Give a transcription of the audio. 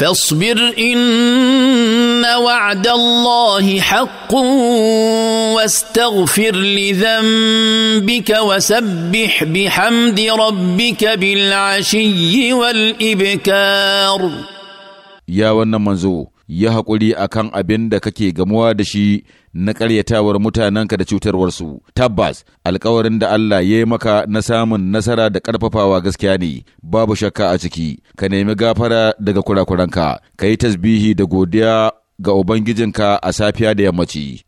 فاصبر ان وعد الله حق واستغفر لذنبك وسبح بحمد ربك بالعشي والابكار يا ون منزو yi haƙuri a kan abin da kake gamuwa da shi na ƙaryatawar mutanenka da cutarwarsu. Tabbas, alkawarin da Allah ya yi maka na samun nasara da ƙarfafawa gaskiya ne, babu shakka a ciki, ka nemi gafara daga kurakuranka, ka yi tasbihi da godiya ga Ubangijinka a safiya da yammaci.